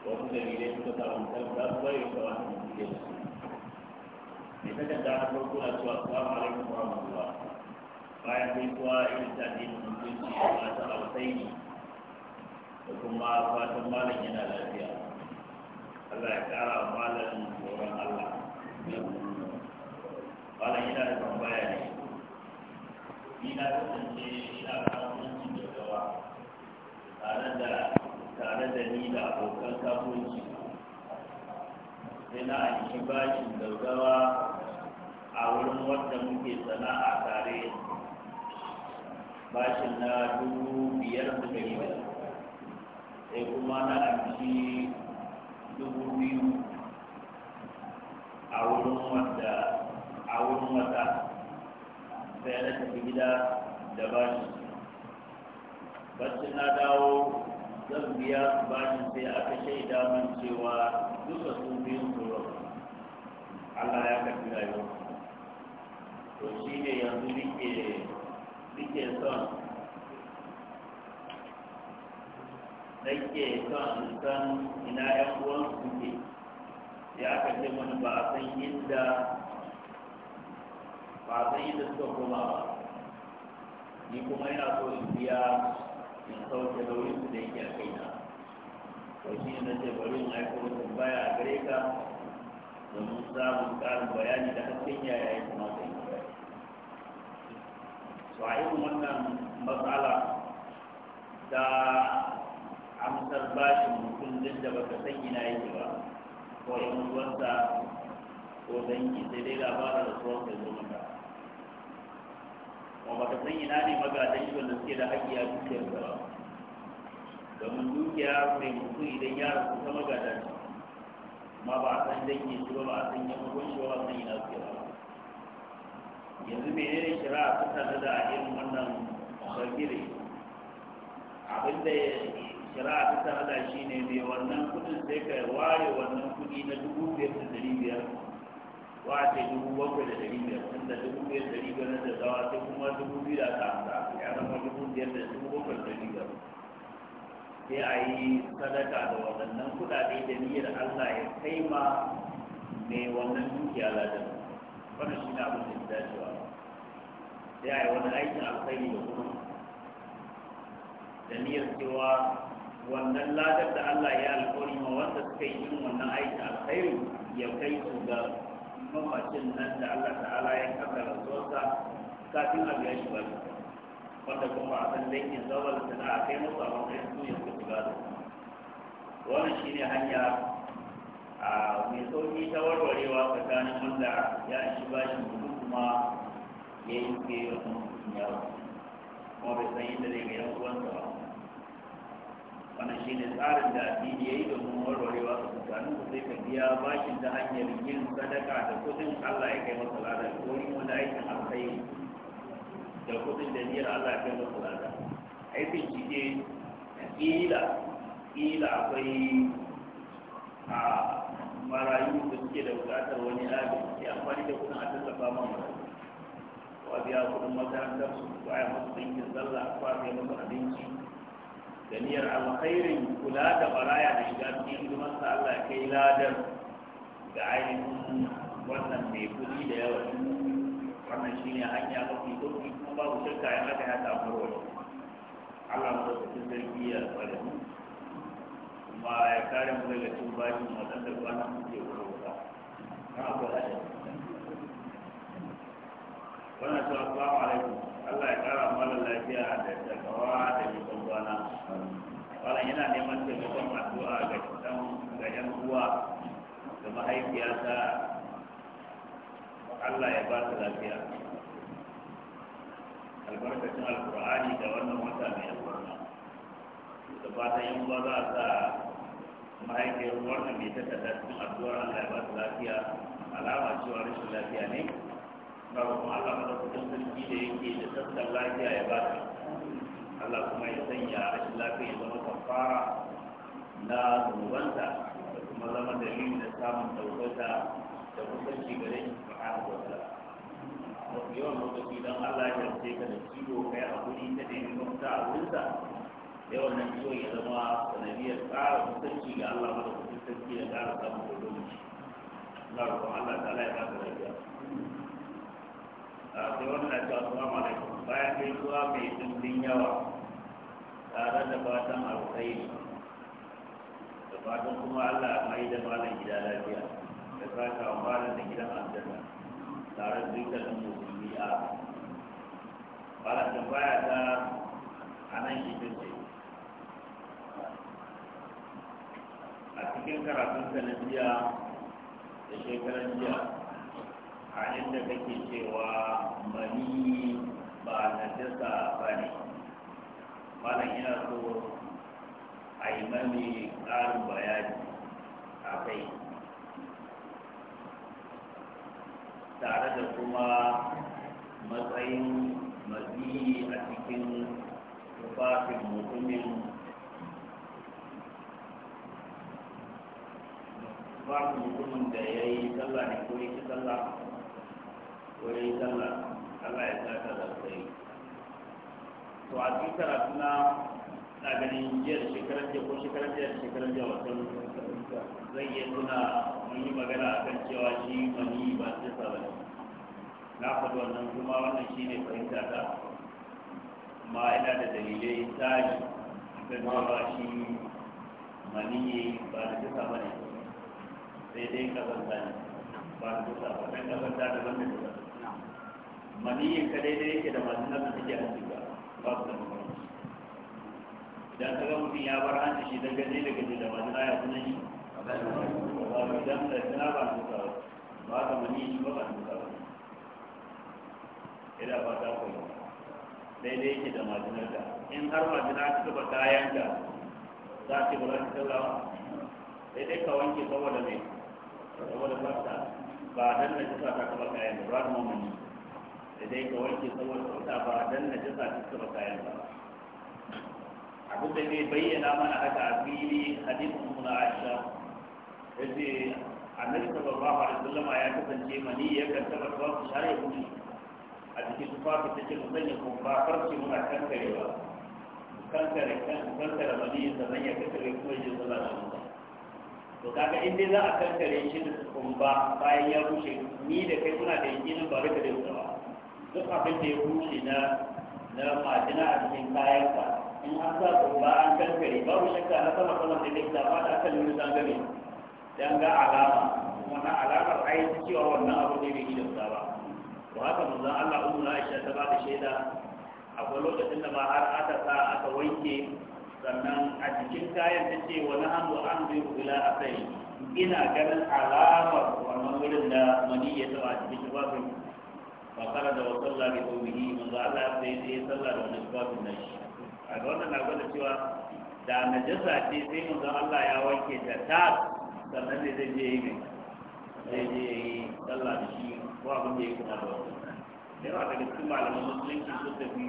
wasu dalilai suka sa mutum za su bari da wata mutum ke mai takarda na farko na cewa assalamu yin wa rahmatullah bayan gaisuwa irin ta addini musulunci da mata alkhairi da kuma fatan malam yana lafiya Allah ya kara wa malam tsoron Allah malam yana da tambaya ne ni na kasance ina kawo mutunci da gawa tare da tare da ni da abokan kafinci sai na aiki bashin gaggawa a wurin wanda muke sana'a tare bashin na dubu biyar da dari ba, sai kuma na amshi dubu biyu a wurin wadda a wurin wata sai na tafi gida da bashi bacci na dawo zan biya bashin sai aka shaida min cewa duka su biyun su Allah ya karbi yau. to shi ne yanzu nike nike son nake son san ina yan uwan su ke sai aka ce mana ba a san inda ba a san inda suka koma ba ni kuma ina so in biya ya sauke nauyin da yake a kai na, to shi ne ce bari in aiko tambaya a gare ka domin samun ƙarin bayani da hasken yaya ya kamata yi ba. to a irin wannan matsala ta amsar bashin mutum duk da baka san ina yake ba ko yan uwansa ko dangi sai dai labarin da suwan kai zo maka ba ba ta san ina ne magadan shi wanda suke da haƙƙi a dukiyar ba domin dukiya mai mutu idan ya rasu ta magadan shi ba a san dangi shi ba ba a san yan uwan shi ba ba a san ina suke ba yanzu menene shari'a kusa na da irin wannan bagire abinda shari'a kusa na da shi ne mai wannan kudin sai ka ware wannan kudi na dubu biyar da dari biyar ba dubu bakwai da dari biyar inda dubu biyar dari biyar da zawa sai kuma dubu biyu da aka amsa ya zama dubu biyar da dubu bakwai da dari biyar sai a yi sadaka da waɗannan kuɗaɗe da niyyar Allah ya kai ma mai wannan dukiya ladan wannan shi na abin da ya dacewa sai a yi wani aikin alkhairi da kuma da niyyar cewa wannan ladar da Allah ya alkawari ma wanda suka yi yin wannan aikin alkhairi ya kai su ga mamacin nan da Allah ta'ala ya kafa rasuwarsa kafin a biya shi ba wanda kuma a san dangi zawal da na kai musu a matsayin su ya suka shiga da wannan shi ne hanya a mai sauki ta warwarewa tsakanin wanda ya shi ba shi mutu kuma ya yi ke yi wasu mutum yawa kuma bai san yadda zai ga yan uwansa ba wannan shi ne tsarin da addini ya yi kuma warwarewa su, mutanen ku sai ka biya bashin ta hanyar yin sadaka da kudin Allah ya kai masa lada ko yin wani aikin alkhairi da kudin da niyyar Allah ya kai masa lada aikin shi ne kila kila akwai a marayu da suke da bukatar wani abin ke amfani da kudin a tallafa man marayu ko a biya kudin makarantar su ko a yi masu ɗinkin sallah ko a biya masu abinci da niyyar alkhairin kula da baraya da shiga cikin hidimarsa Allah ya kai ladar ga ainihin wannan mai kudi da yawa wannan shine hanya mafi doki kuma babu shakka ya haka ya samu rawa Allah mu da cikin zargi ya tsare mu kuma ya kare mu daga cin bashin waɗanda kwana muke wurin wannan cewa assalamu alaikum Allah ya kara mana lafiya da takawa da nisan kwana wannan yana neman taimakon addu'a ga dan ga yan uwa da mahaifiyata Allah ya ba ta lafiya albarkacin alkur'ani da wannan wata mai albarka da fatan yan uwa za a sa mahaifiyar wannan mai ta cikin addu'a Allah ya ba ta lafiya alama cewa rashin lafiya ne ba kuma Allah ba da kudin sarki da yake da sassan lafiya ya ba ta Allah kuma ya sanya rashin lafiya ya zama kafara na zubanta da kuma zama dalilin da samun daukata da kusanci gare shi subhanahu wa ta'ala mafi yawan lokaci don Allah ya rance ka da ciwo kai a kudi ta da yin mafita a wurinsa yawan nan ciwon ya zama sanadiyar ƙara kusanci ga Allah ba da kudin sarki da ƙara samun kusanci. Allah roƙon Allah ta Allah ya ba ta lafiya. zuwa mai dimbin yawa tare da fatan alkhairi da fatan kuma Allah mai da malam gida lafiya da fata wa malam da gidan aljanna tare da da musulmi a malam baya ta anan ita ce a cikin karatun jiya da shekaran jiya a inda kake cewa mani ba najasa ba ne malam yana so a yi mami ƙarin bayani a kai tare da kuma matsayin mazi a cikin tufafin mutumin tufafin mutumin da ya yi tsalla ne ko ya ci ko ya yi tsalla. Allah ya saka da kai to a cikin karatu na na ganin jiya da shekarar jiya ko shekarar jiya da shekarar jiya wata Zai iya tuna mun yi magana akan cewa shi mani ba su ba ne na faɗi wannan kuma wannan shi ne fahimta ta amma ina da dalilai tsari kan cewa shi mani ba da ta ba ne sai dai kazanta ne ba da ta ba dan kazanta da wanda ta maniyin ka daidai yake da masu nan take a cikin ba su da makamanci idan ka ga mutum ya bar hanci shi dan gaje da gaje da masu ya kuma yi ba ba idan da tana ba su ba ba ka maniyin shi ba ba su ba ina ba ta koyi daidai yake da majinar da in har majinar ta taba kayan yanka za ki ba za ki taba daidai ka wanke saboda mai saboda tsafta ba a dan da ta taba kayan da ba ta mamani da dai ka wanke saboda tsafta ba dan na jasa ta taba kayan ba abin da zai bayyana mana haka a fili muna hadisin Ya ce a yace ba ba da wasallam ya kasance mani ya kan taba su shari'a kuma a cikin tufafi ce musanya kuma ba farce muna ba kankare kankare mani ya zama ya kankare kuma ya zama da mutum to kaga in dai za a kankare shi da kuma bayan ya rushe ni da kai kuna da yakinin ba rika da ba duk abin da ya rushe na na majina a cikin ka in an sa ba an kankare babu shakka na sama sama da dai da ta kan wani gane dan ga alama wannan alamar ai ta cewa wannan abu ne bai gidansa ba to haka manzon Allah ummu Aisha ta ba da shaida akwai lokacin da ba har aka sa aka wanke sannan a cikin kayan ta ce wani hannu an zai kula a kai ina ganin alamar wannan wurin da mani ya taba cikin tufafin fa fara da wasalla bi qawlihi manzo Allah sai sai sallah da wani kwafi na shi a ga wannan na gwada cewa da najasa ce sai manzo Allah ya wanke ta ta sannan ne zai je yi ne zai je yi sallah da shi ko abin da ya kuma da wasu wannan yawa daga cikin malaman musulunci sun tafi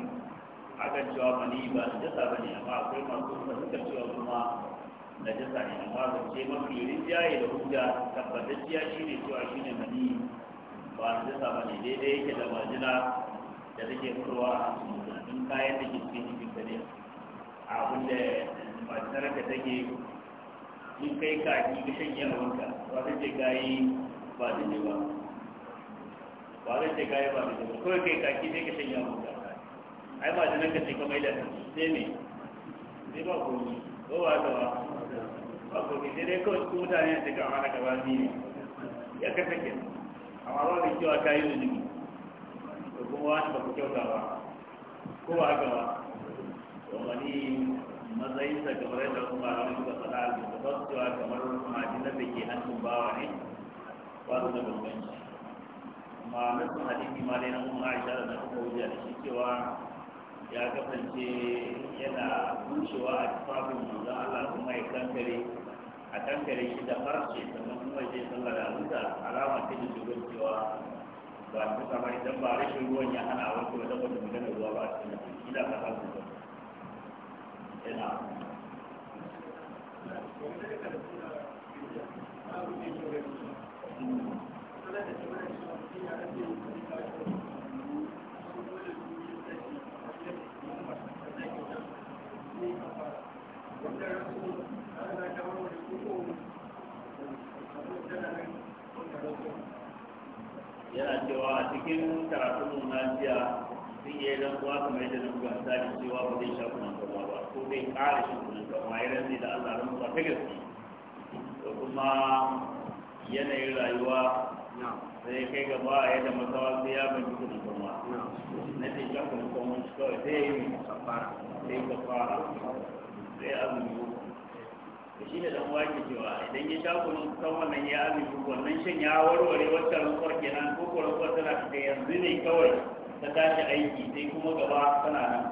a kan cewa mani ba najasa ne amma akwai masu kuma suka cewa kuma najasa ne amma zance mafi jaye da hujja tabbatacciya shine cewa shine mani ba najasa ba ne daidai yake da majina da take fitowa a cikin kayan da ke cikin jikin ka a abin da majinar ka take in kai kaki ka shanye a wanka ba ta ce kayi ba da ne ba ba ta ce kayi ba da ne ba kawai kai kaki sai ka shanye a wanka ai majinar ka ce kamar da sai ne sai ba komi ko ba ta ba ba komi sai dai kawai su mutane da suka amana gaba ne ya kasa kenan amma ba mai cewa ta yi zunubi da kuma wani ba ku kyauta ba ko ba haka ba to wani matsayin sa kamar yadda kuma wani suka faɗa da ba su cewa kamar madinan da ke hannun bawa ne ba su da bambanci amma na nasin hadisi ma dai na umma aisha da na kuma wuce da shi cewa ya kasance yana bushewa a tufafin manzon Allah kuma ya kankare a kankare shi da farce sannan kuma zai sallar da abinda alama ta da shugaban cewa ba su sama idan ba rashin ruwan ya hana a wasu wata wata magana ruwa ba a cikin nan ina ka samu ba ina Thank you. yana cewa a cikin karatun na jiya sun yi ran kuwa su mai da nufin ta cewa ba zai sha kunan gaba ba ko zai ƙara shan kunan gaba ya rantsi da Allah ran kuwa ta gaske da kuma yanayin rayuwa sai kai gaba a yadda masawa su ya bai da kuma na ce shan kunan kuma shi kawai sai ya yi kafara sai kafara sai azumi shi ne dan wake cewa idan ya sha kunu san wannan ya amince wannan shan ya warware wata rukwar kenan ko ko rukwar tana fita yanzu ne kawai ta tashi aiki sai kuma gaba tana nan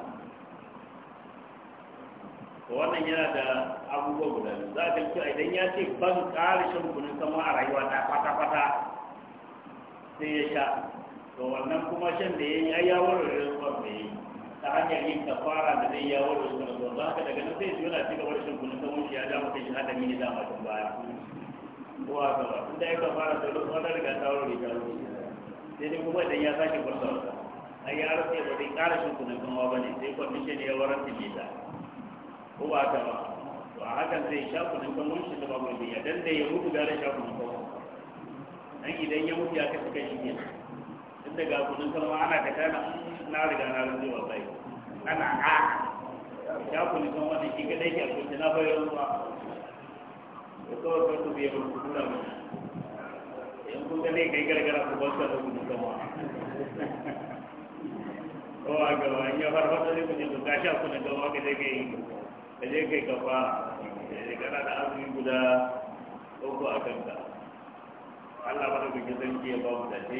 to wannan yana da abubuwa guda biyu za ka cewa idan ya ce ban ƙara shan kunun kama a rayuwa ta kwata-kwata sai ya sha to wannan kuma shan da ya yi ya warware rukwar da ya yi ta hanyar yin kafara da zai yawo da wasu rasu ba ka daga nan sai su yana cika wani shirkunin kamar shi ya ja maka shi hadari ne dama tun baya kowa ka ba tun da ya kafara da wasu wani riga ta wuri ta wuri sai dai kuma idan ya sake farsa wata a yi arsa ba zai kara shirkunin kamar ba ne sai kwamishin ya warar ta ta kowa ka ba to a hakan zai sha kunin kamar shi da babu biya dan da ya mutu gara sha kunin kamar dan idan ya mutu ya kashe kan shi ne tun daga kunin kamar ana ka tana na riga na rufe wallahi ana a ya kuli san wannan shi ga dai ke kunce na bayar ruwa ko to ko to ku biya ku kula mu yan kun ga dai kai gargara ku bar da ku kuma ko a gaba wa ya har farfasa ne ku ne ga sha ku ne gaba ka je kai ka dai kai ka ba fara eh, kana da azumi guda ko uku a kanka Allah ba da bikin sarki ya ba mu dace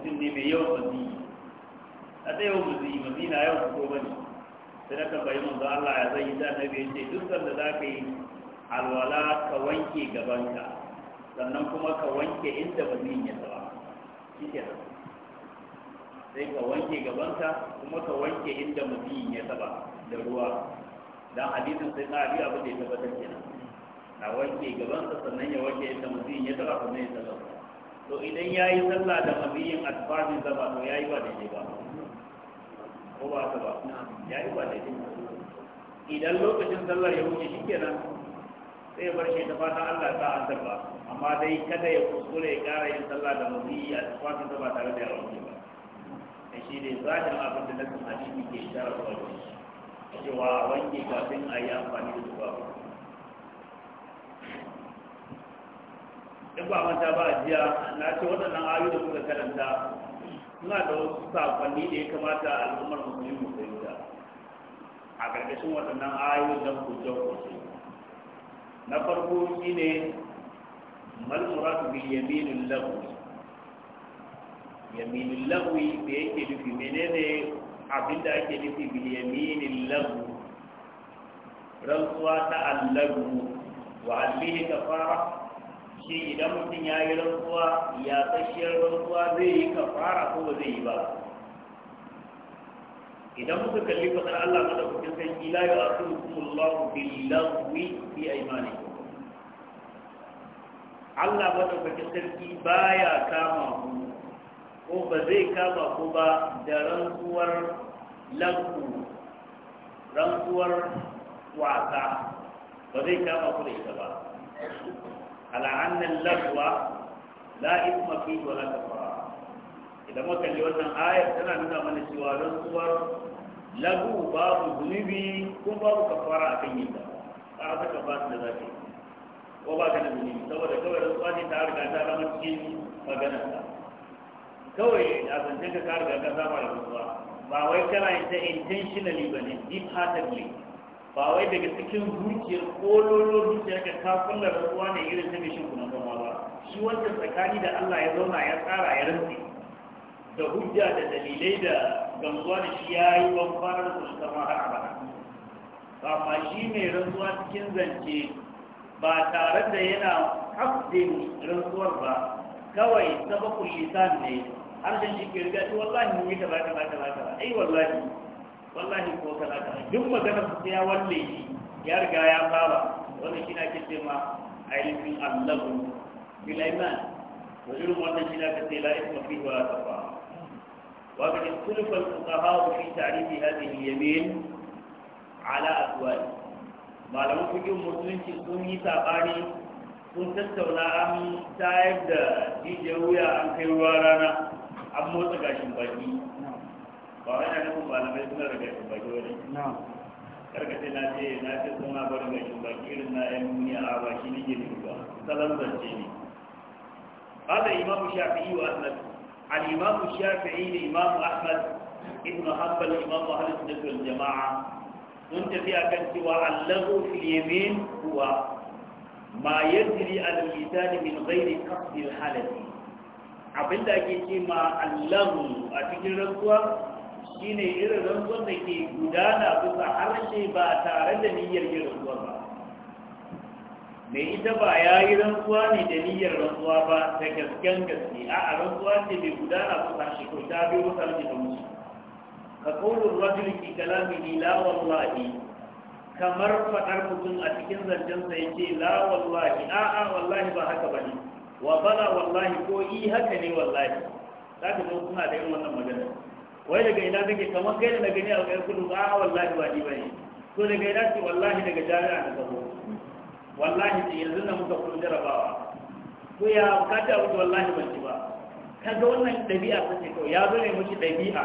mutum ne mai yawan maziyi a ta yawan maziyi maziyi na yawan fito ba ne sai na tambayi manzo Allah ya zai yi da na ya ce duk sanda za ka yi alwala ka wanke gabanka sannan kuma ka wanke inda maziyin ya zama shi ke sai ka wanke gabanka kuma ka wanke inda maziyin ya taba da ruwa dan hadisin sai na abi abin da ya tabbatar kenan na wanke gabansa sannan ya wanke inda maziyin ya taba sannan ya taba to idan ya yi sallah da mabiyin asfafin zama to ya yi ba daidai ba ko ba ta ba ya yi ba daidai idan lokacin sallar ya wuce shi kenan sai ya barshe shi ta fata Allah ta an ba amma dai kada ya kuskure ya kara yin sallah da mabiyi a asfafin zama tare da yawon ba da shi ne zahir abin da nasin hadisi ke shara zuwa cewa wanke kafin a yi amfani da tufafi in ba manta ba a jiya na ce waɗannan ayoyi da kuka karanta suna da wasu sakonni da ya kamata al'ummar musulmi mu da a ƙarƙashin waɗannan ayoyi da kuce kuce na farko shi ne malmuratu bi yaminul lahwi yaminul lahwi da yake nufi menene da ake nufi bi yaminul lahwi rantsuwa ta allahu wa albihi kafara shi idan mutum ya yi rantsuwa ya tsakiyar rantsuwa zai yi kafara ko ba zai yi ba idan muka kalli fadar Allah madaukakin sarki la yu'akhidhukumullahu bil-laghwi fi aymanikum Allah madaukakin sarki ya kama ku ko ba zai kama ku ba da rantsuwar lagu rantsuwar wasa ba zai kama ku da ita ba على أن اللغو لا إثم فيه ولا كفارة إذا ما كان لوزن آية تنا نونا من سوارن صور لغو باب ذنبي كم كفارة أكيد فهذا كفارة لذاتي وبا كان ذنبي سوى ذكوى رسواتي تعرق أن هذا من كين مغنى kawai a zancen ka ka riga ka da ba wai kana yin ta intentionally ba ne deep heartedly ba wai daga cikin zuciyar kololon da ka ta kulla rantsuwa ne irin ta mishin kuna zama ba shi wancan tsakani da Allah ya zauna ya tsara ya rantsi da hujja da dalilai da gamsuwa da shi ya yi ban fara da har abada ma shi mai rantsuwa cikin zance ba tare da yana hafdin rantsuwar ba kawai sabakul lisan ne har da shi ke riga wallahi ne ta ba ta ba ta ba ai wallahi wallahi ko kaza kaza duk magana su ya walle shi ya riga ya fara wanda shi na ke ce ma ainihin allahu bilaiman wajen irin shi na kace ce la isma fi wa tafa wa ka ce kulfal fuqaha fi ta'rif hadhihi yamin ala aqwali malaman fiqh musulunci sun yi sabani sun tattauna an tayar da jijiyar wuya an kai ruwa rana an motsa gashin baki ba wani kuma malamai suna daga yin baki wani karkace na ce na ce suna bari mai yin baki irin na yan muni a ba shi ne ke ba salon zance ne hada imamu shafi'i wa ahmad al-imam shafi'i da imam ahmad ibn hanbal imam ahlus sunnah wal jama'a sun tafi akan cewa allahu fil yamin huwa ma yajri al-lisan min ghairi qasdi al-halati abinda ake ce ma allahu a cikin rantsuwa Shi ne irin rangon da ke gudana bisa harshe ba tare da niyyar yi rantsuwa ba mai ita ba ya yi rantsuwa ne da niyyar rantsuwa ba Ta gasken gaske a a rantsuwa ce mai gudana bisa shi ko ta biyo bisa harshe da musu ka kaulun rajul kalami ni la wallahi kamar fadar mutum a cikin zancensa ya ce la wallahi a a wallahi ba haka ba ne wa bala wallahi ko i haka ne wallahi za ka zo suna da yin wannan magana wai daga ina kake kamar kai da gani a kai kudu a wallahi ba ni bane to daga ina ce wallahi daga jami'a na gabo wallahi ce yanzu na muka kuma jarabawa ko ya bukata wuce wallahi ban ci ba kaga wannan ɗabi'a ta ce kawai ya zo ne mashi ɗabi'a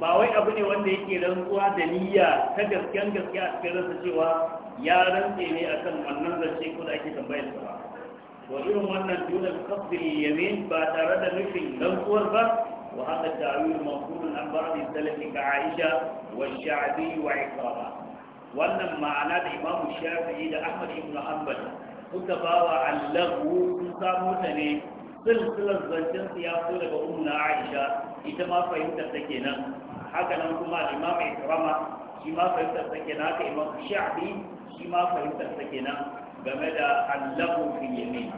ba wai abu ne wanda yake rantsuwa da niyya ta gasken gaske a cikin rasa cewa ya rantse ne akan wannan zance ko da ake tambayar ba to irin wannan dole kafin yamin ba tare da nufin rantsuwar ba وهذا التأويل منقول عن بعض السلف كعائشة والشعبي وعكرمة وأن معنى الإمام الشافعي لأحمد بن حنبل متفاوى عن لغو ساموتني سلسلة زنجن سياسة لأمنا عائشة إتما فهمت سكينا هكذا نقول الإمام إكرمة شما فهمت سكينا كإمام الشعبي شما فهمت سكينا game da allahu fi yamin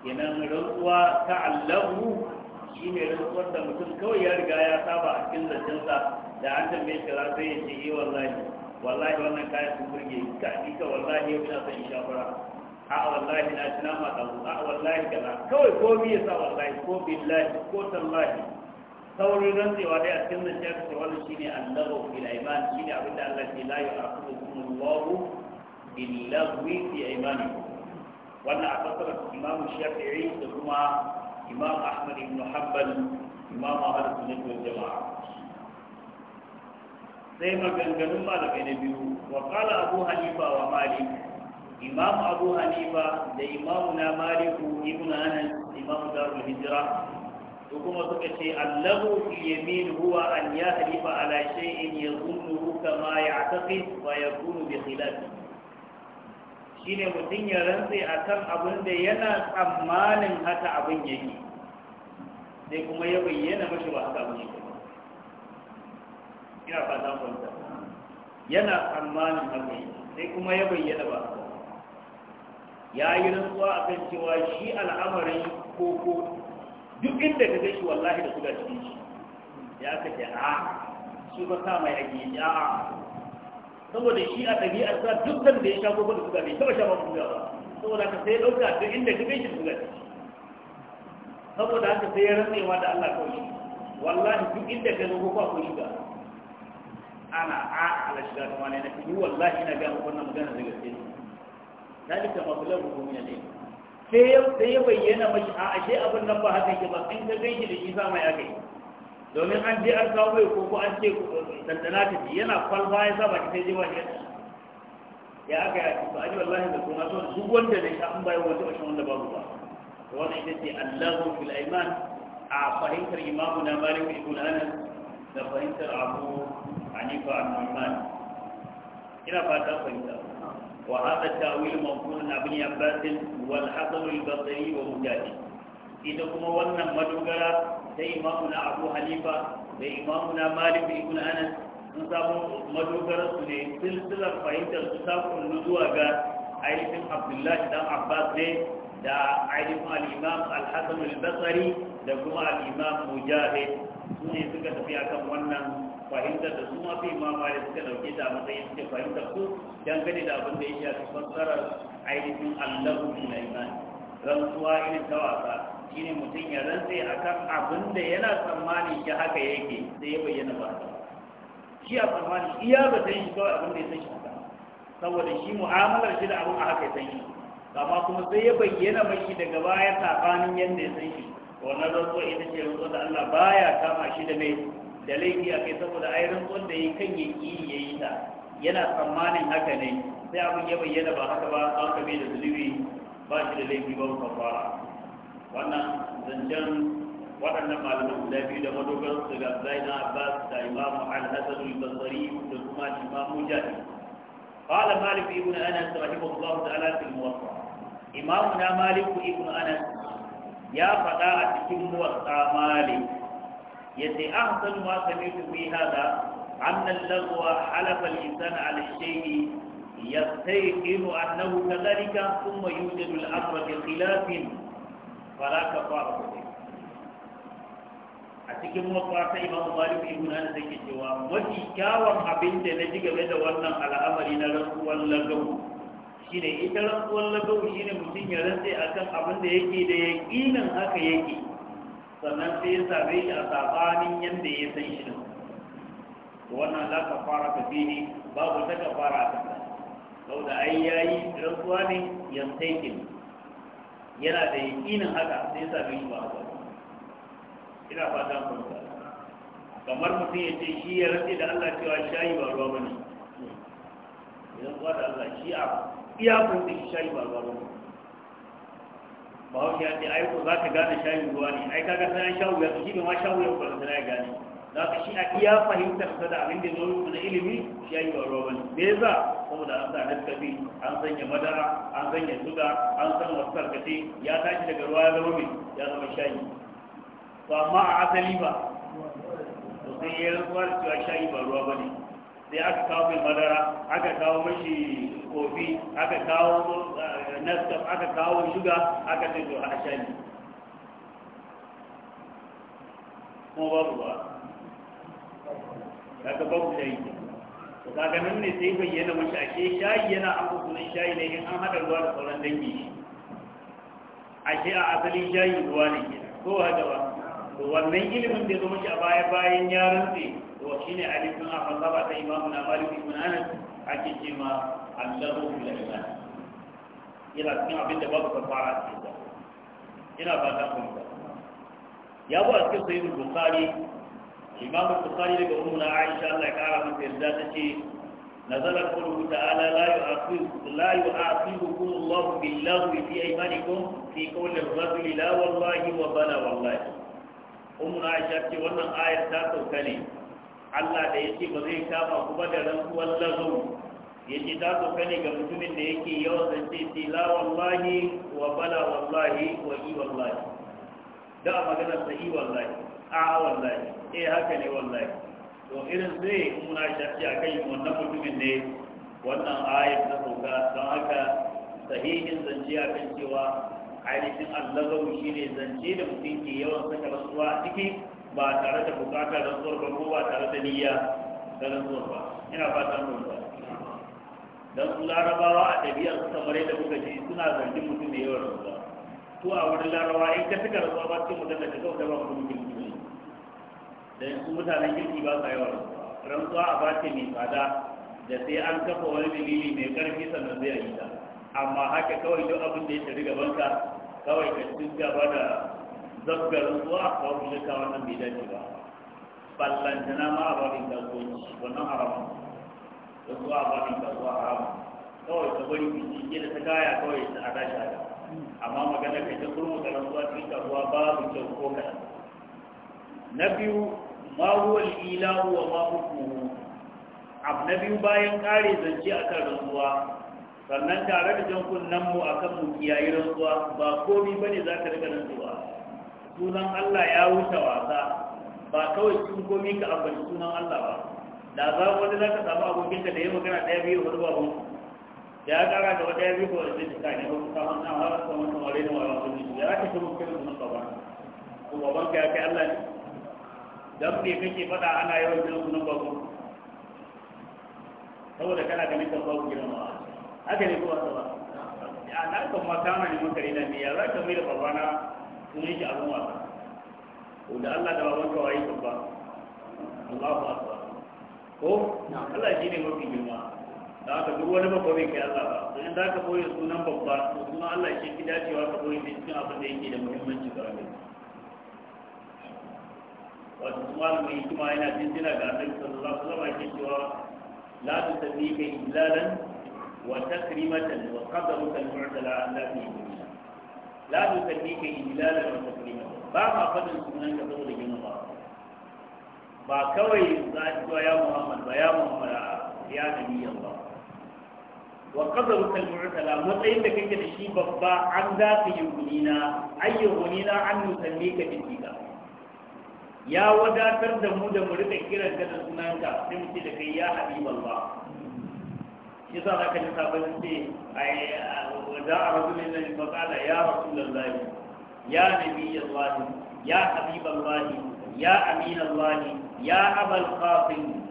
kenan rantsuwa ta allahu shi ne rantsuwar da mutum kawai ya riga ya saba a cikin zancensa da an tambaye shi ra sai ya ce eh wallahi wallahi wannan kayan sun burge ka ka wallahi ya ina son in shafara a wallahi na tuna ma tsawo a wallahi kaza kawai ko me yasa wallahi ko billahi ko tallahi saurin rantsewa dai a cikin zance ka wani wannan shine annabu ila iman shine abin da Allah ke la ya'khudhukum Allahu bil lagwi fi imani. wannan a fassara Imam Shafi'i da kuma imam ahmad ibn hanbal imam ahmad sunnah wal jamaa sai maganganun malamai na biyu wa qala abu hanifa wa malik imam abu hanifa da imam na maliku ibn anas imam darul hijra to kuma suka ce allahu fi yamin huwa an yahlifa ala shay'in yadhunnuhu kama ya'taqid wa yakunu bi khilafihi shine mutum ya rantse akan abin da yana tsammanin haka abin yake sai kuma ya bayyana mashi ba haka abin yake ina fata kwanta yana tsammanin haka sai kuma ya bayyana ba ya yi rantsuwa a kan cewa shi al'amarin koko duk inda ka gashi wallahi da suga cikin shi ya kace a shi ba sa mai ake a saboda shi a ɗabi'ar sa dukkan da ya sha gobe da suga bai taɓa sha ba suga ba saboda ka sai ɗauka duk inda ka shi suga ne saboda haka sai ya rantsewa da Allah kawai wallahi duk inda ka zo koko akwai shiga ana a ala shiga ta wani na fi wallahi ina gama wannan magana da gaske ne zalika mablagu ko al-ilm sai ya bayyana mashi a ashe abin nan ba haka ke ba in ka gaishe da shi sa mai aka domin an je an kawo mai ko an ce dandana ta ji yana kwalba ya saba ki sai je wani ya aka yi ake ba a ji wallahi da kuma so duk wanda da sha an bayan wata ƙarshen wanda babu ba to wannan ita ce allahu fil Iman a fahimtar imamu na malik ibn anas da fahimtar abu Anifa al Iman. ina fata fahimta وهذا التأويل موصول عن ابن عباس والحسن البصري ومجاهد إذا kuma wannan مدوغرا da imamuna abu halifa da imamuna malik ibn anas sun samu madogarar su ne silsilar fahimtar su ta kullu zuwa ga ainihin abdullahi dan abbas ne da ainihin al-imam al-hasan da kuma al-imam mujahid su ne suka tafi akan wannan fahimtar da su ma fi imama da suka dauke ta matsayin suke fahimtar su dangane da abin da ya shafi fassarar ainihin allahu min al-iman rantsuwa irin ta wasa ne mutum ya rantse akan abin da yana tsammanin shi haka yake sai ya bayyana ba shi a tsammanin iya ba ta yi kawai abin da ya san shi haka saboda shi mu'amalar shi da abin a haka ya san shi amma kuma sai ya bayyana mashi daga baya tsakanin yadda ya san shi wannan rantsuwa ita ce rantsuwa da Allah baya kama shi da mai da laifi a kai saboda ai rantsuwar da ya kan ya yi ya yi ta yana tsammanin haka ne sai abin ya bayyana ba haka ba an kame da zulubi ba shi da laifi ba ba fara wannan zancen waɗannan malaman guda biyu da madogaran su daga Abdullahi na Abbas da Imam Al-Hasan al-Basri da kuma Imam Mujahid قال مالك ابن انس رحمه الله تعالى في الموطأ إمامنا مالك ابن Ya faɗa a cikin muwatta malik yace ahsan ma sami'tu fi hada أن اللغو حلف الإنسان على الشيء يستيقن أنه كذلك ثم يوجد الأمر بخلاف fala ka fara kuɗi a cikin wata ta imamu malik da anas ke cewa mafi kyawun abin da na ji game da wannan al'amari na rantsuwar lagau shine ita rantsuwar lagau ne mutum ya rantse akan abin da yake da yaƙinin haka yake sannan sai ya same shi a tsakanin yadda ya san shi ne wannan za ka fara ka ne, babu ta ka fara a sau da ai yayi rantsuwa ne yantaike yana da yakinin haka sai sa bin ba haka ina fata ku kamar mutum ya ce shi ya rantsi da Allah cewa shayi ba ruwa bane idan kuwa da Allah shi a iya kun da shayi ba ruwa bane ba hausa ya ce ai ko za ka gane shayi ruwa ne ai kaga sai an shawo ya shi ba ma shawo ya ba da ya gane za ka shi a iya fahimtar ta da abin da zo na ilimi shi yayi ba roban me yasa saboda an sa naskafi an sanya madara an sanya suga an san wasar kace ya tashi daga ruwa ya zama mai ya zama shayi to amma a asali ba to sai ya rantsuwa da cewa shayi ba ruwa ba ne sai aka kawo mai madara aka kawo mashi kofi aka kawo eh, naskaf aka kawo shuga aka ce to a shayi kuma babu ba kaga babu shayi to kaga nan ne sai bayyana mashi ashe shayi yana an kusurin shayi ne in an haɗa ruwa da sauran dangi Ake a asali shayi ruwa ne ke ko haka ba to wannan ilimin da ya zo mashi a baya bayan ya rantse to shi ne alifin a fasaba ta imamu na malik ibn anas ake ce ma allahu bil iman yana cikin abin da babu kafara a cikin ina ba ta kuma ya bu a cikin sayyidul bukhari imam al-bukhari daga na aisha Allah ya kara mata yarda tace nazala qulu ta'ala la yu'akhidhukum la yu'akhidhukum Allah billahi fi aymanikum fi qawli ar-rajul la wallahi wa bala wallahi na aisha ce wannan ayar ta sauka ne Allah da yake ba zai kama ku ba da rantsuwar lazo yace ta sauka ne ga mutumin da yake yawan zance ce la wallahi wa bala wallahi wa i wallahi da maganar sa i wallahi a wallahi eh haka ne wallahi to irin zai muna shafi a kai wannan mutumin ne wannan ayat na sauka don haka sahihin zance a kan cewa ainihin allagawu shi ne zance da mutum ke yawan saka rasuwa a ciki ba tare da bukatar rasuwar ba ko ba tare da niyya da rasuwar ba ina fata mun ba don larabawa a ɗabi'ar kamar yadda kuka ji suna zargin mutum da yawan rasuwa su a wurin larawa in ka suka rasuwa ba cikin magana ta kawai ba kuma kirki ne da su mutanen kirki ba sa yawa rantsuwa a bace mai tsada da sai an kafa wani dalili mai karfi sannan zai yi ta amma haka kawai duk abin da ya shari gaban ka kawai ka cikin gaba da zabga rantsuwa ba ku ka wannan bai dace ba na ma a babin kasuwanci wannan haramun rantsuwa a babin kasuwa haramun kawai ka bari biki da ta kaya kawai ta ada shi amma magana kai ta kuma da rantsuwa cikin ba babu kyau ko kaɗan na biyu ma huwa ilahu wa ma hukmuhu abu na biyu bayan kare zance akan rantsuwa sannan tare da jan kunnen mu akan mu kiyaye rantsuwa ba komai bane za ka riga rantsuwa sunan Allah ya wuce wasa ba kawai cikin komai ka abin sunan Allah ba da za wani za ka samu abokinka da ya magana ɗaya biyu wani babanku ya kara da wata ya bi ko da ta ne ko ta hanna har ko mun wale ne wala ko ni ya ka kuma kira mun ka ba ko baban ka kai Allah ne dan ne kake fada ana yawan jin sunan babu saboda kana ganin ka babu girma haka ne kuma sabar ya na kan ma kana ne mun kare da ya za ka mai da babana sun yi shi abun wasa ko da Allah da baban ka wayi ba Allahu akbar ko Allah shine mafi girma da aka duk wani babba bai kai Allah ba don da aka boye sunan babba to kuma Allah ke ki dacewa ka boye shi cikin abin da yake da muhimmanci ga wani wato kuma mai hikima yana jinjina ga annabi sallallahu alaihi wasallam yake cewa la tusabi ka ilalan wa takrimatan wa qadaruka al-mu'tala an la tusabi la tusabi ka ilalan wa takrimatan ba ma fadin sunan ka saboda girma ba Ba kawai za a ya muhammad ba ya muhammad ya nabi Allah wa qadaru kal mu'tala matsayin da kake da shi babba an za ka yi gunina ayyu gunina an nusanni ka bidika ya wadatar da mu da mu rika kiran ka da sunanka sai mu ce da kai ya habiballah shi za ka ji sabon ce ai da a rajulin nan fa qala ya rasulullahi ya nabiyallahi ya habiballahi ya aminallahi ya abal qasim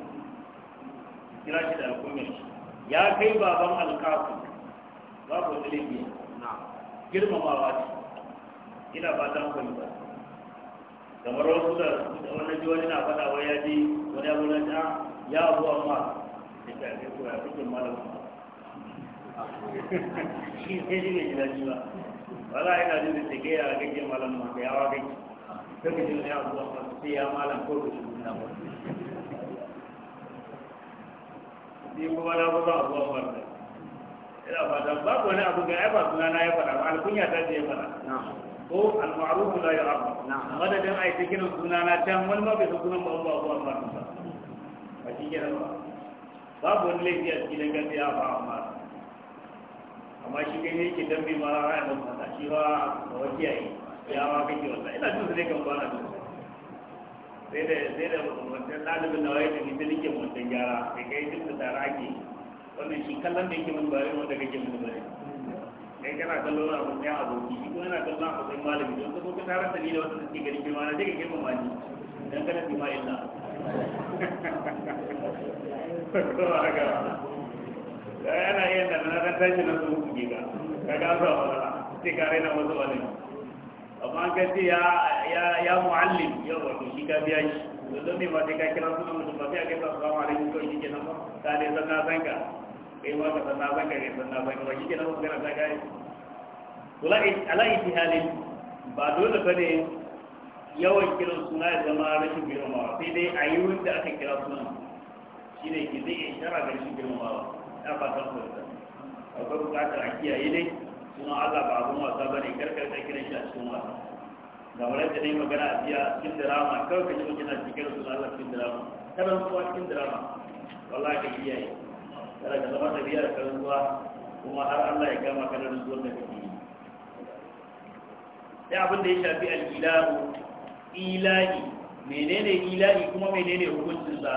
kira shi da alkunyar shi ya kai baban alkafi babu wani na girmamawa ce ina ba ta hankali ba kamar wasu da wani ji wani na faɗa wai ya ji wani abu na ta ah, ya abu amma da ta kai koya fikin malamin shi sai shi ne gidan ba ba wala ina jin da take ya gaggen malamin ma ka yawa gaggen sai ka ji abu amma sai ya malam ko ka shi na wani ni ba na ba abu a abu ga ba suna na ya fara ba ta ce ya faɗa ko al-ma'ruf la ya'ruf ai suna na can wani bai ba ba ba ba ba shi ke ba ba cikin ba amma amma shi ma ra'ayin shi ba ya ma ina jin kan ba na jin sai da sai da wannan ɗalibin nawa ya tafi ta nike wannan gyara sai kai duk da tara wannan shi kallon da yake mun ba wanda kake mun bane kai kana kallon wani abu ɗaya aboki shi kuma yana kallon abu ɗaya malami don ka ka tarar da ni da wasu da suke gani girma na sai ka girma ma ni dan kana fi ma illa yana eh, yin da na tashi na su hukuki ka ka ga zuwa wala sai ka rena wasu wani amma ka ce ya mu'allim yau wato shi ka biya shi yanzu ne ba sai ka kira sunan mutum ba sai a gaisa salamu alaikum kawai shi nan ba ta ne san na san kai ma ka san na san ne kai san na san ka ba shi ke nan ba magana ta gaya kula ala halin ba dole ba ne yawan kiran suna ya zama rashin girmamawa sai dai a yi wanda aka kira sunan shi ne ke zai iya shara ga rashin girmamawa ya ba fatan kuwa akwai bukatar a kiyaye dai kuma Allah ba abun wasa bane karkar da kiran shi a cikin wasa da wani da nayi magana a jiya cikin drama kawai ka ji mutum na cikin su Allah cikin drama kada kuwa cikin drama wallahi ka yi kada ka zama biyar ka zuwa kuma har Allah ya gama kana ruwa da kake yi sai abin da ya shafi al ilahi menene ilahi kuma menene hukuncin sa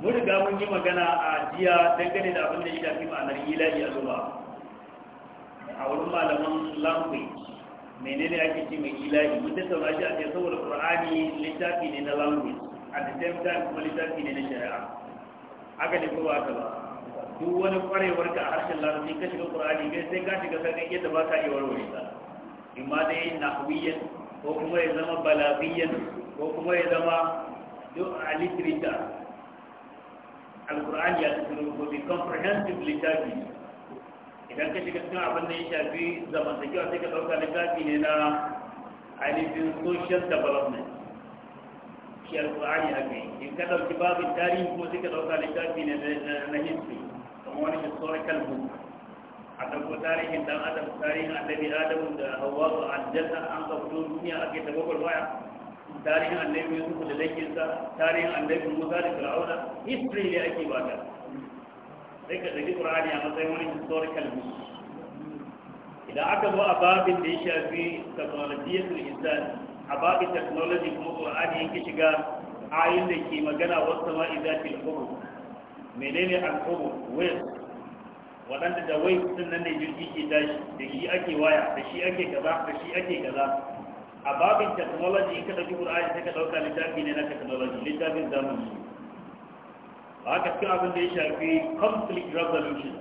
mun riga mun yi magana a jiya dangane da abin da ya shafi ma'anar ilahi a zuwa a wurin malaman language menene ake ce mai ilahi mun da saura shi a ce saboda qur'ani littafi ne na language a the same time kuma littafi ne na shari'a haka ne kowa ba ba duk wani kwarewar ka a harshen larabci ka shiga qur'ani bai sai ka shiga sai yadda ba ka yi warware ta imma dai nahwiyan ko kuma ya zama balaghiyan ko kuma ya zama duk a literature qurani ya tsoro ko bi comprehensive littafi idan ka shiga cikin abin da ya shafi zamantakewa sai ka ɗauka littafi ne na ainihin social development shi alƙur'ani aka yi in ka ɗauki babin tarihi ko sai ka ɗauka littafi ne na history kamar wani historical book a ɗauko tarihin ɗan adam tarihin annabi adamu da hawa ba aljanna an ka fito duniya ake ta gwagwarmaya tarihin annabi yusuf da danginsa tarihin annabi musa da fir'auna history ne ake ta. sai ka ɗauki ƙur'ani a matsayin wani historical book idan aka zo a babin da ya shafi technologiyatul insan a babin technology kuma ƙur'ani yake shiga ayin da ke magana wasu ma izatil hubu menene al-hubu waste waɗanda da wai sun nan da jirgi ke tashi da shi ake waya da shi ake gaza da shi ake gaza. a babin technology in ka ɗauki ƙur'ani sai ka ɗauka littafi ne na technology littafin zamani haka cikin abin da ya shafi conflict resolution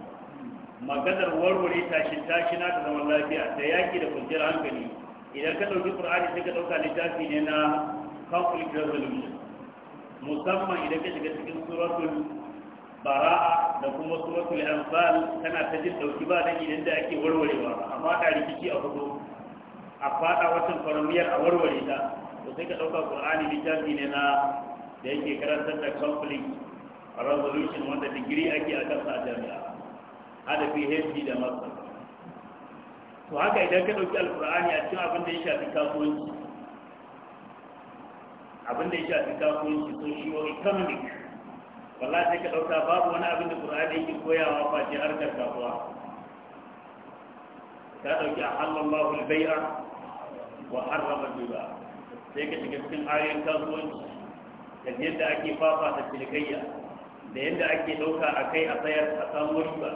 maganar warware tashin tashina da zaman lafiya da yaƙi da kwanciyar hankali idan ka ɗauki ƙur'ani sai ka ɗauka littafi ne na conflict resolution musamman idan ka shiga cikin suratul bara'a da kuma suratul anfal kana ta jin dauki ba dan idan da ake warwarewa amma ta rikici a hudu a fada watan faramiyar a warware ta to sai ka ɗauka ƙur'ani littafi ne na da yake karantar da conflict resolution wanda digiri ake a kansa a jami'a hadafi hd da masu to haka idan ka ɗauki alfurani a cikin abin da ya shafi kasuwanci abinda ya shafi kasuwanci social economic wala sai ka ɗauka babu wani abin da qur'ani yake koyawa face harkar kasuwa ka ɗauki a halallahu albai'a wa harrama riba sai ka shiga cikin ayoyin kasuwanci da yadda ake fafata cinikayya da yadda ake ɗauka a kai a tsayar a samu ba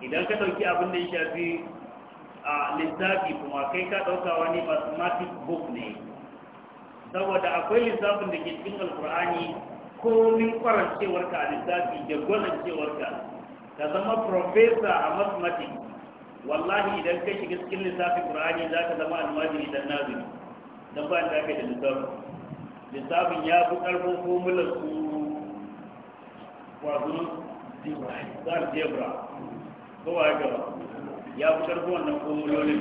idan ka ɗauki abin da ya shafi a lissafi kuma kai ka ɗauka wani mathematic book ne saboda akwai lissafin da ke cikin alkur'ani komin kwarancewarka a lissafi da gwanancewarka ka zama profesa a mathematics wallahi idan ka shiga cikin lissafin qur'ani za ka zama almajiri dan nazari dan ba da kai da lissafin lissafin ya fi karfin formular su kwazo zar zebra ko wa gaba ya fitar ko wannan komulolin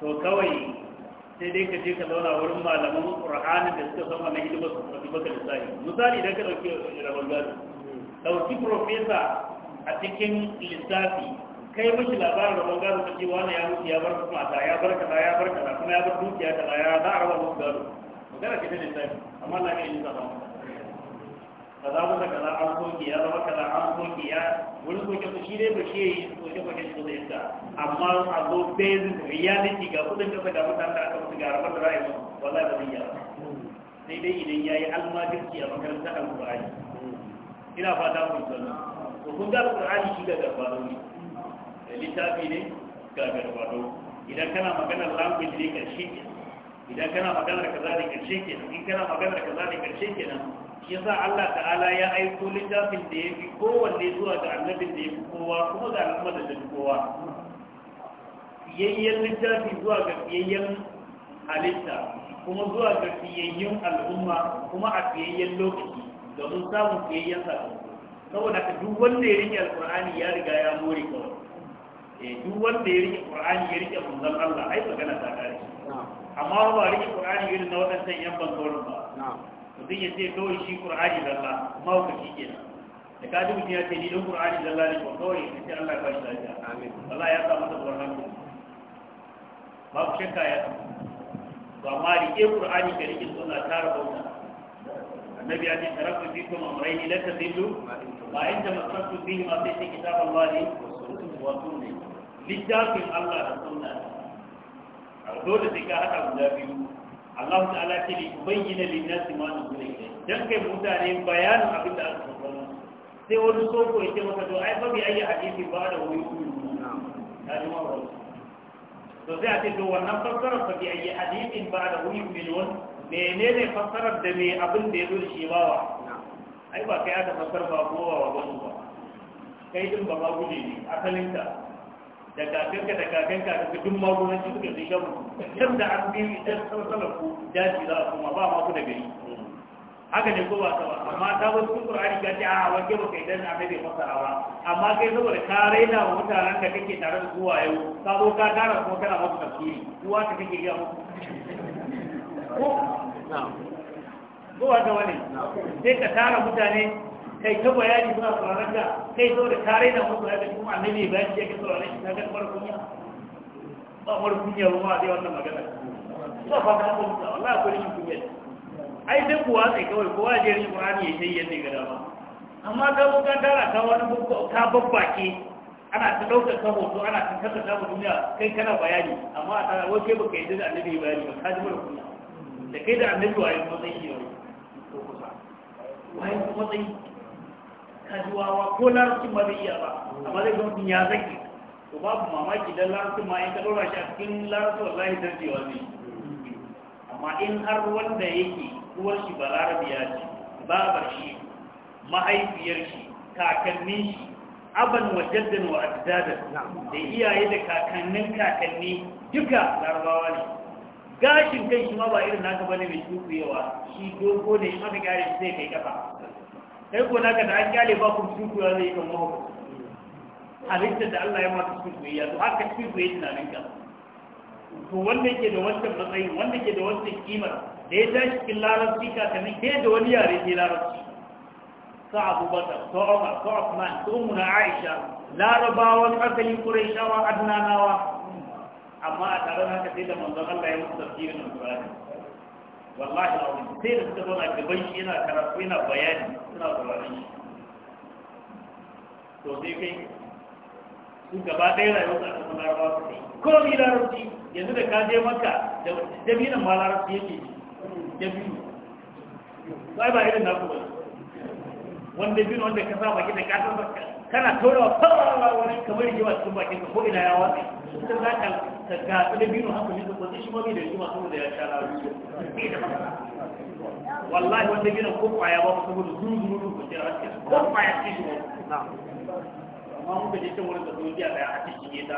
to kawai sai dai ka je ka zauna wurin malaman ƙur'anin da suka sama na hidima su ɗauki maka misali misali idan ka ɗauki rabon gari. ɗauki profesa a cikin lissafi kai mashi labarin rabon gado ta ce wani ya mutu ya bar su mata ya bar kaza ya bar kaza kuma ya bar dukiya kaza ya za a raba musu gado magana ce ta lissafi amma na ne lissafa kaza mu kaza an soke ya zama kaza an soke ya wani soke ku shi ne ba shi yi soke soke su da ta amma a zo bezin reality ga kudin kasa ga mutane da aka mutu ga rabar da ra'ayi wallahi ba zai yi sai dai idan ya yi almajirki a makaranta alƙur'ani ina fata mun sanu to kun ga alƙur'ani shi ga garbado ne littafi ne ga garbado idan kana maganar language ne shi. idan kana maganar kaza da karshe kenan in kana maganar kaza da karshe kenan shi yasa Allah ta'ala ya aiko littafin da fi kowanne zuwa ga annabin da fi kowa kuma ga al'umma da ta kowa fiyayyen littafi zuwa ga fiyayyen halitta kuma zuwa ga fiyayyen al'umma kuma a fiyayyen lokaci domin samun fiyayyen sakamako saboda ka duk wanda ya rike alqur'ani ya riga ya more kawai eh duk wanda ya rike qur'ani ya rike manzon Allah ai magana ta kare amma ba rike qur'ani irin na waɗansan yan bangon ba mutum ya ce kawai shi qur'ani zalla Kuma ku shi ke da ka ji mutum ya ce ni dan zalla ne kawai kawai ya ce Allah ya bashi lafiya amin Allah ya sa masa tsoron hankali ba ku shakka ya to amma rike qur'ani ka rike sunna ta kitabar dole sai ka haɗa guda biyu Allah ta ala ce ne bayyana linnasi ma na gure ne dan kai mutane bayanin abin da aka faɗa sai wani soko ya ce maka to ai babu bi ayi hadisi ba da wani kuma na ma mawa to sai a ce to wannan fassara fa bi ayi hadisi ba da wani milyon menene fassarar da me abin da ya zo da shi bawa ai ba kai aka fassara ba ko ba ba kai din ba ba guje ne asalin ta da kakanka da kafinka da duk magunan su suka zai gabu can da an biyu idan san salafu daji za a kuma ba ma ku da gari haka ne ko ba ta ba amma ta wasu kun qur'ani ka ce a wanke baka idan annabi masara ba amma kai saboda ka raina wa mutanen da kake tare da zuwa yau ka zo ka tara kuma kana musu tafsiri uwa ta kake ga musu ko na ko ba ta wani sai ka tara mutane kai ta bayani ba ranar da kai zo da tare da mutu ya gani kuma annabi ba shi yake tsoron shi ta ga mara kunya ba mara kunya ba ma dai wannan magana ba fa ka ko mutu wallahi ko ni kunya ai sai kuwa sai kawai kowa je ri Qur'ani ya sai yadda ga ba amma ka zo ka tara ka wani babba ka babbake ana ta daukar ka hoto ana ta kasa ta duniya kai kana bayani amma a tsara wace baka yi da annabi bayani ba ka ji mara kunya da kai da annabi waye matsayi ne waye matsayi kajuwawa ko larabcin ba zai iya ba amma zai ga mutum ya zaki to babu mamaki dan larabcin ma in ka dora shi a cikin larabci wallahi darjewa zai amma in har wanda yake uwar shi ba larabiya ce babar shi mahaifiyar shi kakannin shi aban wa jaddan wa ajdadan da iyaye da kakannin kakanni duka larabawa ne gashin kai shi ma ba irin naka bane mai tukuyewa shi dogo ne in aka kare shi zai kai kafa kai ko naka da an kyale ba ku tuku ya zai kan mahu halittar da Allah ya mata tuku ya to haka tuku ya tunanin ka to wanda ke da wancan matsayin wanda ke da wancan kimar da ya tashi cikin larabci kakanni ke da wani yare ke larabci su abubakar su umar su osman su umuna aisha larabawan asali kurai shawa adnanawa amma a tare haka sai da manzon Allah ya musu tafsirin alƙur'ani wallahi alazim sai da suka zo na gaban shi yana karatu yana bayani suna sauraron shi to sai kai su gaba ɗaya rayuwar su a cikin larabawa su kai komi larabci yanzu da ka je maka da dabinan ma larabci yake biyu. ba ba irin naku ba wanda dabino wanda ka sa baki da kasar baka kana taurawa fara wani kamar yi yawa cikin bakin ko ina ya watsi ita za ka ka gaɓi da biyu haka ne ko shi mami da shi masu da ya sha lalu wallahi wanda gina ko kwaya ba mutum da zuru zuru da kwanciyar haske ko kwaya ce shi amma muka je can wurin da zuciya da ya haɗe shi ta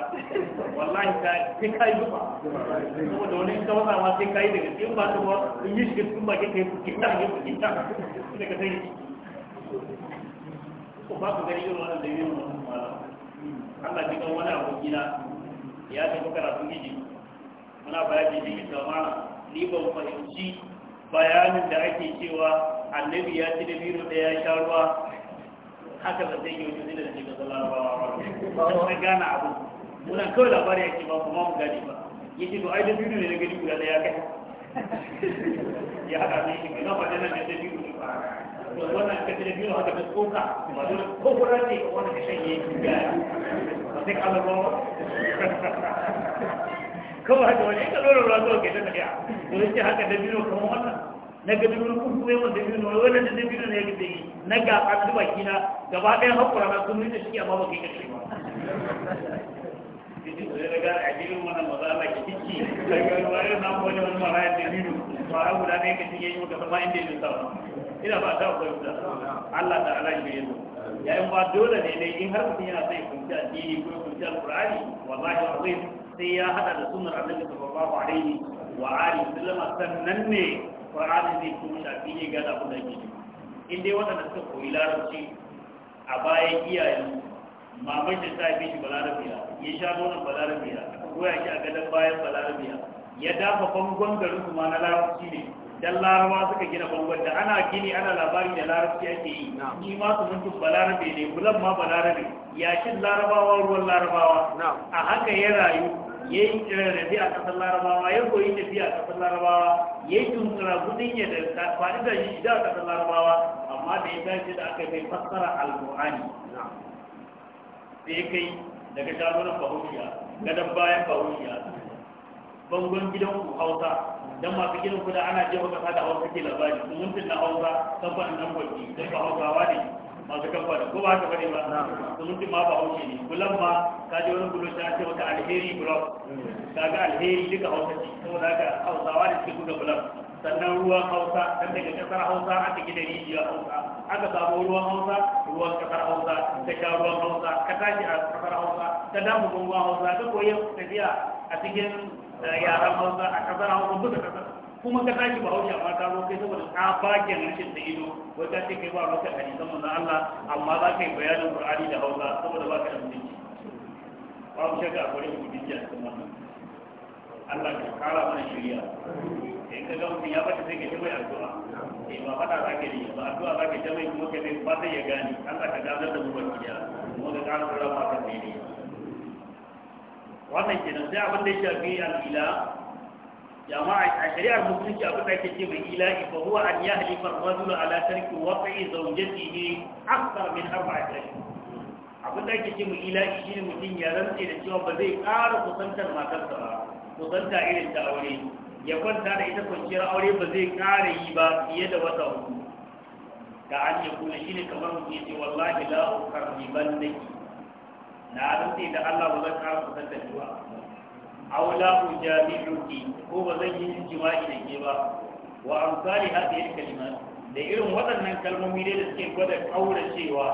wallahi ka sai ka yi zuba saboda wani ka ma sai ka daga cikin ba ta ba in yi shiga cikin bakin ka yi fukita ne fukita da ka sai ko ba ku gani irin wannan da yi wannan Allah ji kan wani abokina ya tafi karatun gidi muna bayani da mai ma ni ban fahimci bayanin da ake cewa annabi ya ci da biro da ya sha ruwa haka da zai yi wajen zina da ke ga larabawa ba wani gana abu muna kawai labari ya ce ba kuma mu gani ba ya ce to ai da biro ne na gani guda da ya kai ya haɗa ne shi mai na faɗi na da biro ne ba to wannan ka ci da biro haka da tsoka ba dole ko kuma ne wannan ka shanye gani duk alamowa kawai haka wani ka lura ruwa zuwa ke ta tafiya to yake haka da biyu kamar wannan na ga kun kuma yawan da ne yi na ga an kina gaba ɗaya na sun nuna shi amma ba kai kashe ba da Allah ya yayin ba dole ne dai in har mutum yana sai kunci addini ko kunci alqur'ani wallahi azim sai ya hada da sunnar annabi sallallahu alaihi wa alihi sallam sannan ne qur'ani zai kuma shafi ne ga abin da yake in dai waɗanda suka koyi larabci a bayan iyaye mamai da ta fi shi balarabiya ya sha nonon balarabiya aka goya shi a gadon bayan balarabiya ya dafa bangon garin kuma na larabci ne dan larawa suka gina bangon da ana gini ana labari da larabci ake yi ni ma su mutum balarabe ne bulan ma balarabe yashin larabawa ruwan larabawa a haka ya rayu ya yi rarrabe a ƙasar larabawa ya koyi tafiya a ƙasar larabawa ya yi tuntura gudun ya da faɗi da shi da ƙasar larabawa amma da ya tashi da aka kai fassara alƙur'ani sai kai daga shagunan bahaushiya gadon bayan bahaushiya bangon gidan hausa dan masu gidan kuda ana jiya maka fada hawa kake labari sumuntin na hausa kamfanin nan gwaji dan ba hausawa ne masu kamfanin ko ba ka bari ba sumuntin ma ba hawa ne kullum ma ka ji wani bulo ta ce wata alheri hmm. ka ga alheri duka hausa ce ka haka hausawa ne suke buga sannan ruwan hausa dan daga kasar hausa cikin dare rijiyar hausa aka samu ruwan hausa ruwan kasar hausa ta sha ruwan hausa ka tashi a kasar hausa ta damu ruwan hausa ta koyi tafiya a cikin yaran hausa a kasar hausa kuma ka tashi ba hausa amma ka zo kai saboda ka da ido wai ka ce kai ba maka hadisan manzon Allah amma za ka yi bayanin Qur'ani da hausa saboda ba ka da mutunci mutunci a cikin wannan Allah ka kara mana shirya in ka ga mutum ya bata sai ka ji mai addu'a eh ba fada za ka yi ba addu'a za ka ji mai kuma ka bai zai ya gane Allah ka gazar da mu ba da, kuma ka kara rama ka daidai wannan kenan sai abin da ya shafi al'ila jama'a a shari'ar musulunci abin da ke ce mai ilahi ba huwa an yahlifa ar-rajul ala tarki waqi zawjatihi akthar min arba'ati ashhur abin da ke ce mai ilahi ne mutum ya rantse da cewa ba zai kara kusantar matarsa ba kusanta irin ta aure ya kwanta da ita kwanciyar aure ba zai ƙara yi ba fiye da wata hudu da an yi shi ne kamar mutum ya ce wallahi la ukarriban ke!" na rantsi da Allah ba zan ƙara kusantar ki ba aw la ujami'uki ko ba zan yi jima'i da ke ba wa amsali hadhihi kalimat da irin waɗannan kalmomi dai da suke gwada cewa.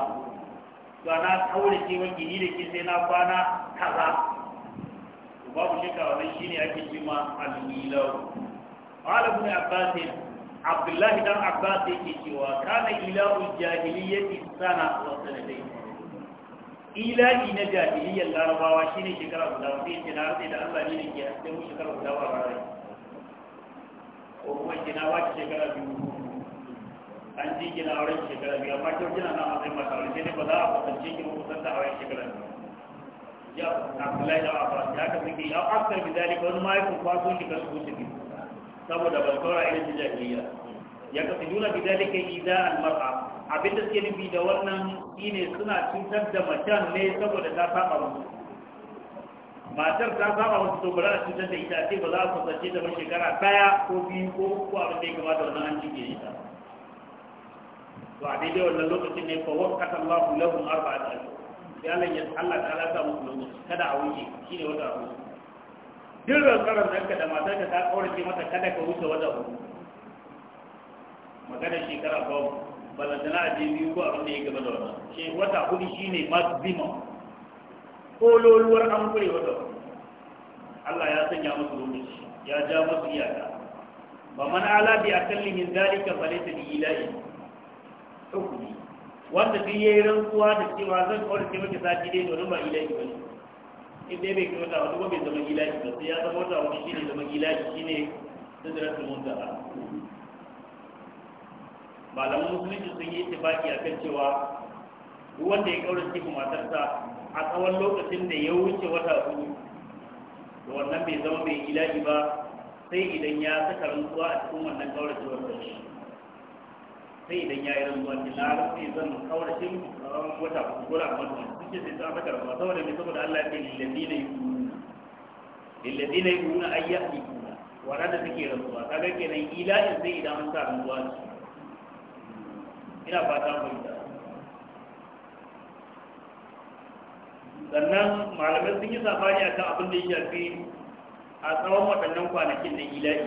to na kaurace wa gini da ke sai na kwana kaza babu shakka wannan shine ake jima al-ilaw qala ibn abbas Abdullahi dan abbas yake cewa kana ilahul jahiliyyati sana wa sanadayn ila'i na jahiliyyar larabawa shi ne shekara guda wanda yake na harsai da allah ne ke haske mu shekara guda ba rarai ko kuma ke na wace shekara biyu an ji ke na auren shekara biyu amma kyau kina na matsayin masu wani sai ne ba za a kusance ki ba kusan da auren shekara biyu ya abdullahi da abbas ya ke suke ya aksar bi zalika wani ma yakan kwaso shi ka su wuce saboda ban saura irin jahiliya ya kasu nuna bi zalika idza al mar'a abin da suke nufi da wannan shine suna cutar da macen ne saboda ta saba musu matar ta saba musu to ba za a cutar da ita ce ba za a kusance ta ban shekara daya ko biyu ko uku abin da ya kamata wannan an cike ita to a daidai wannan lokacin ne fa waqata Allahu arba'a arba'at ashhur ya lan ya Allah ta ala ta musu lokaci kada a wuce shine wata abu duk da ranka da matar ka ta ce mata kada ka wuce wata abu magana shekara babu balantana a biyu ko abin da ya gaba da wannan shi wata hudu shine maximum ko loluwar an kure wata Allah ya sanya musu lokaci ya ja musu iyaka ba man ala bi akalli min dalika fa laysa bi ilahi hukmi wanda duk yayi rantsuwa da cewa zan kawar ke miki sati dai domin ba ilahi bane in dai bai kai wata wata bai zama ilahi ba sai ya zama wata shi shine zama ilahi shine da muntaha malaman musulunci sun yi itibaki a kan cewa wanda ya kaura cikin matarsa a tsawon lokacin da ya wuce wata hudu da wannan bai zama bai ilahi ba sai idan ya saka rantsuwa a cikin wannan kaura cikin wata shi sai idan ya yi rantsuwa ne na rantsi zan kaura cikin wata hudu ko da wata wani suke sai sun saka rantsuwa saboda mai saboda Allah ya ce na yu'minuna lillazina yu'minuna ayyati wa rada take rantsuwa kaga kenan ilahin sai idan an sa rantsuwa ina fata mu da sannan malamai sun yi safari akan abin da ya shafi a tsawon waɗannan kwanakin da ilahi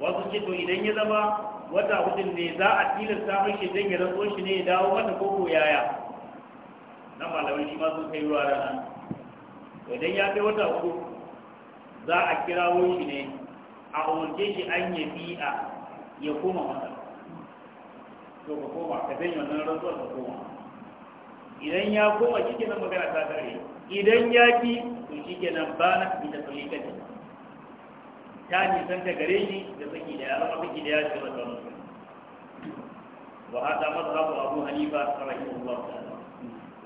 wasu ce to idan ya zama wata hudun ne za a tilasta samun shi zai ya rantso shi ne ya dawo wata koko yaya na malamai shi ma sun kai ruwa rana idan ya kai wata hudu za a kirawo shi ne a umarce shi an ya bi'a ya koma masa to ka koma ka zai wannan rantsuwar ka koma idan ya koma shi kenan magana ta kare idan ya ki to shi kenan ba na fi da tsalle kaje ta nisanta gare shi da saki da ya zama saki da ya ce masa musu wa hada mazhabu abu hanifa rahimahullahu ta'ala